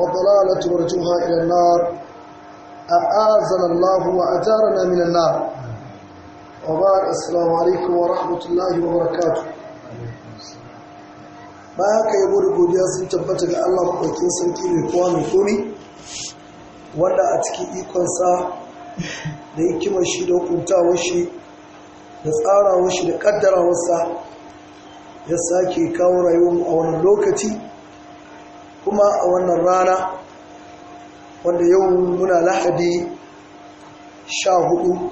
وضلالة ورجوها إلى النار أعاذنا الله وأجارنا من النار وبعد السلام عليكم ورحمة الله وبركاته ما هكا يقول godiya sun tabbata ga Allah kwakin sarki mai kowa mai komi wanda a cikin ikonsa da hikimar shi da hukuntawar shi da tsarawar shi da kaddarawarsa ya sake kawo rayuwar a wani lokaci kuma a wannan rana wanda yau muna lahadi sha hudu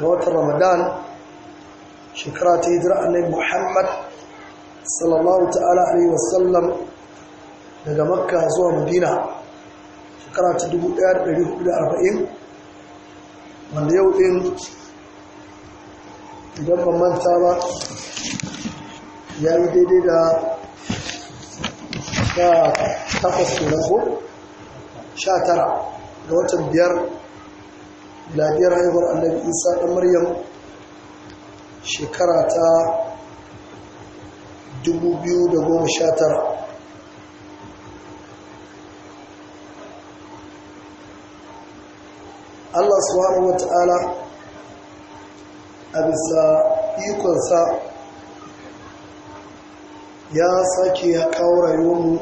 ga watan ramadan shekara ta hijira annabi muhammad sallallahu ta'ala alaihi wasallam daga makka zuwa madina shekara ta 1440 wanda yau din idan ban manta ba ya yi daidai da sha takwas kenan ko sha tara ga watan biyar miladiyar haihuwar annabi isa ɗan maryam shekara ta 2019 Allah subhanahu wa ta'ala a bisa ikonsa ya sake ya kawo rayuwar mu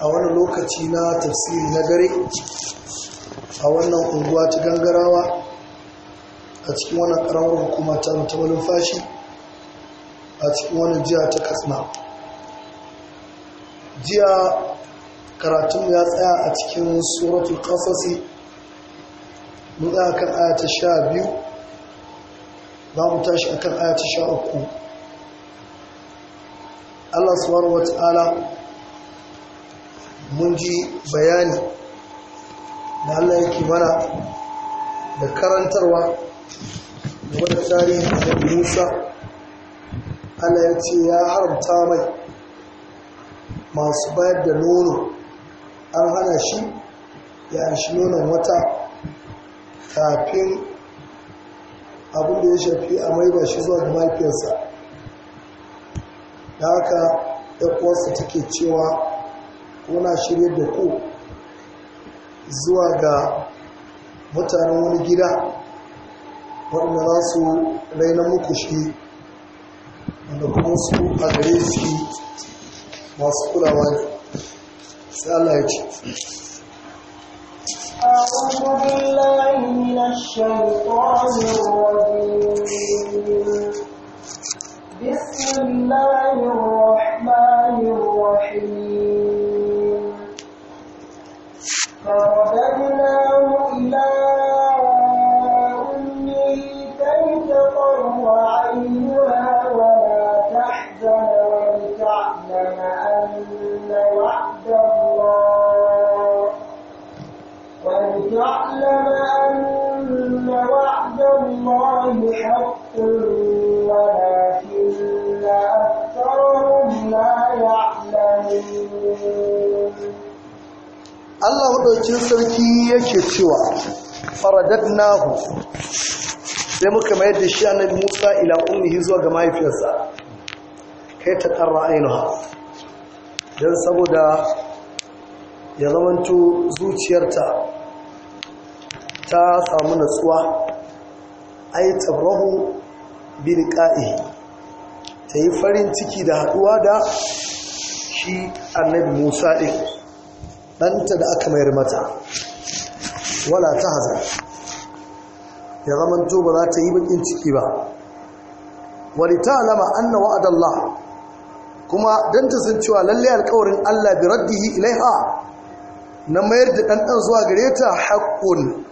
a wani lokaci na tafsiri na gare a wannan unguwa ta gangarawa a cikin wannan karamar hukuma ta mutumalin fashi a cikin wannan jiya ta katsina jiya karatun ya tsaya a cikin suratul kasasi mun tsaya kan ayata sha biyu za mu tashi akan ayata sha uku Allah subhanahu wa ta'ala mun ji bayani da Allah yake mana da karantarwa game da tarihin da Musa Allah ya ce ya haramta mai masu bayar da nono an hana shi ya shi nonon wata kafin abin da ya shafi a ba shi zuwa da mafiyarsa da haka ya kwasa take cewa muna shirya da ku zuwa ga mutanen wani gida waɗanda za su raina muku shi wanda kuma su a gare su masu kulawa ne sai Allah ya ce أعوذ بالله من إن وعد الله ولتعلم أن وعد الله حق ولكن أكثرهم لا يعلمون الله ودوكين Sarki yake cewa Nahu sai muka mayar da shi annabi Musa ila ummihi zuwa ga mahaifiyarsa kai ta tarra ainuha don saboda ya zamanto zuciyarta ta samu natsuwa ai tabrahu bin ka'i ta yi farin ciki da haɗuwa da shi annabi musa ɗin ɗanta da aka mayar mata wala ta hazar ya zamanto ba za ta yi bakin ciki ba Wani ta alama anna wa'adallah kuma don ta san cewa lalle alkawarin Allah bi raddihi ilaiha na mayar da ɗanɗan zuwa gare ta haƙƙun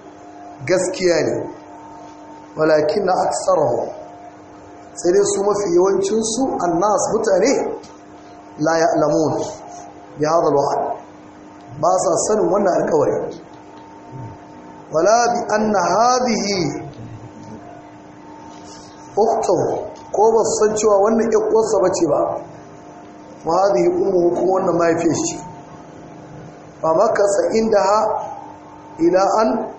gaskiya ne walakin na aksarahu sai dai su mafi yawancinsu annas mutane la ya'lamun bi hadha alwa'd ba sa sanin wannan alkawari wala bi anna hadhihi ukhtuhu ko ba san cewa wannan 'yar uwarsa bace ba wa yi ummuhu ko wannan mahaifiyar shi fa makasa ha ila an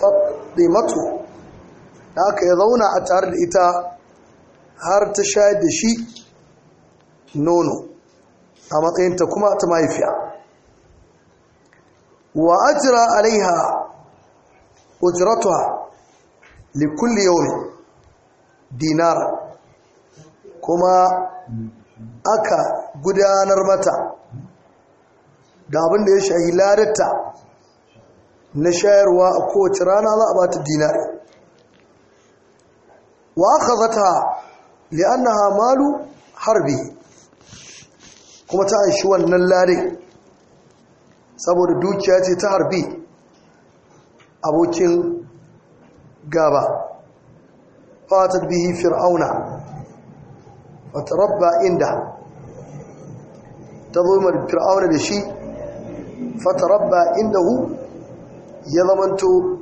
fadimatu da aka yi zauna a tare da ita har ta sha da shi nono a matsayinta kuma ta mahaifiya wa ajira alaiha ujiratuwa likulli dinar kuma aka gudanar mata da abin da ya shahi ladarta na shayarwa a kowace rana za a ba ta dinari wa aka zata li'annaha hamalu harbi kuma ta shi wannan lare saboda dukiya ce ta harbi abokin gaba fatar bihi fir'auna fatarabba inda ta zo mai fir'auna da shi fatarabba inda hu ya zamanto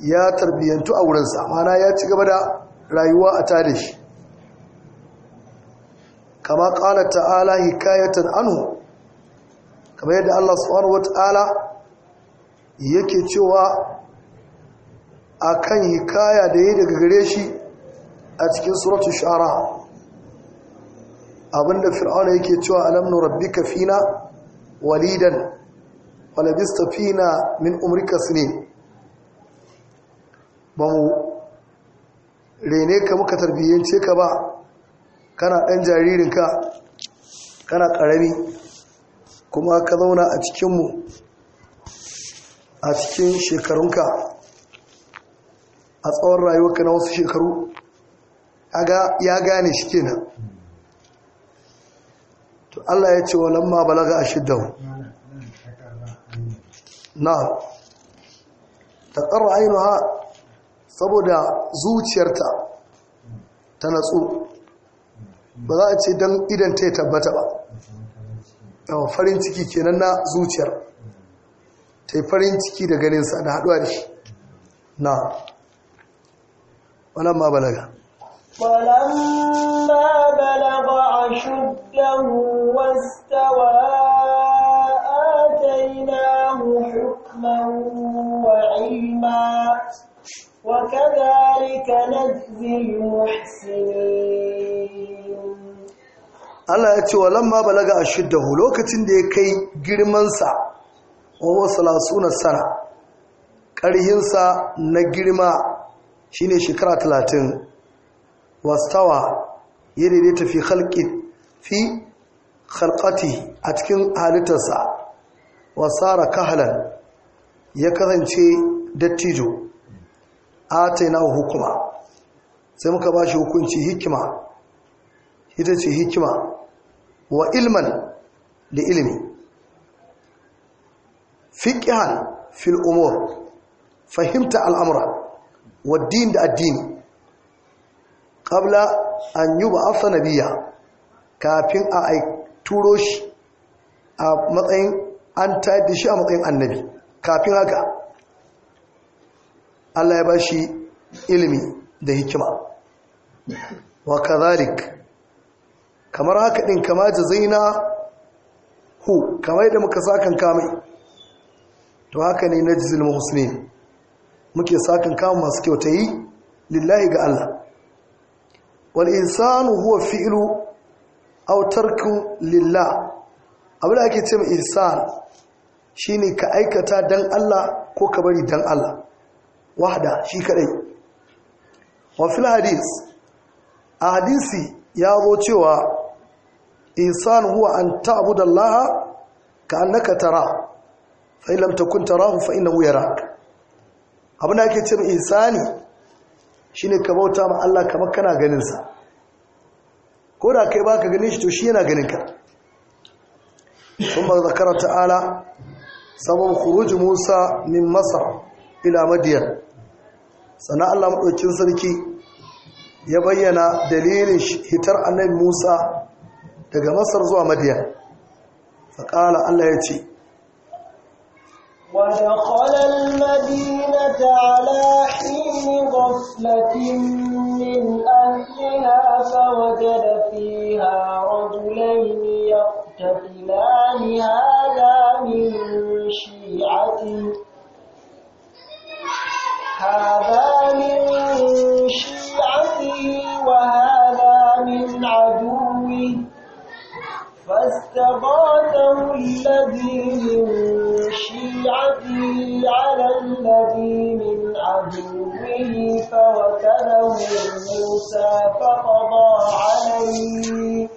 ya tarbiyyantu a wurinsa mana ya ci gaba da rayuwa a tare shi kama ƙala ta'ala hikayatan anhu kamar yadda Allah subhanahu wata'ala yake cewa a kan hikaya da ya daga gare shi a cikin suratul shara abinda fir'auna yake cewa alam rabbika fina walidan walabista fina min umrika sinin ba mu rene ka muka tarbiyyance ka ba kana ɗan jaririnka kana ƙarami kuma ka zauna a cikinmu a cikin shekarunka a tsawon rayuwarka na wasu shekaru ya gane shi kenan to Allah ya ce wa nan ma balaga ashiddahu na ta ainihin ha saboda zuciyarta ta natsu ba za a ce dan idan ta tabbata ba yawon farin ciki kenan na zuciyar ta yi farin ciki da ganinsa da haɗuwa da shi na wannan ma balaga فلما بلغ أشده واستوى آتيناه حكما وعلما وكذلك نجزي المحسنين Allah ya ce wa lamma balaga ashiddahu lokacin da ya kai girmansa wa huwa salasuna sana ƙarhinsa na girma shine shekara talatin wastawa ya daidaita fi khalqi fi khalqati a cikin halittarsa wasara Kahalan ya kasance dattijo taina hukuma sai muka ba shi hukunci hikima ita ce hikima wa ilman da ilimi Fiƙihan fil fahimta al'amura wa din da addini Ƙabla an yub'atha nabiyya kafin a turo shi a matsayin an tayar shi a matsayin annabi kafin haka Allah ya ba shi ilimi da hikima wa kadhalik kamar haka ɗin kama zaina hu kamar yadda muka sakan kamai to haka ne najzil muhsinin muke sakan kama masu kyauta yi lillahi ga Allah wal insanu huwa fi'lu autarku lilla, abin da ake ce mai insan shine ka aikata dan Allah ko ka bari dan Allah wahda shi kadai Wafin hadis a hadisi ya zo cewa insan huwa an ta'budu Allah ka annaka tara fa in lam takun tarahu fa abin da ake ce mai insani shi ne ka bauta ma Allah kamar kana ganinsa ko da kai baka ganin shi to shi yana ganinka sun ba zakara ta'ala sabon kuruji musa min masar ila madiyar sana Allah maɗaukin sarki ya bayyana dalilin hitar annabi musa daga masar zuwa madiyar faƙala Allah ya ce ودخل المدينة على غفلة من أهلها فوجد فيها رجلين يقتتلان هذا من شيعته هذا من شيعته وهذا من عدوه فاستغاثه الذي من شيعته على الذي من عدوه عليه فوكله موسى فقضى عليه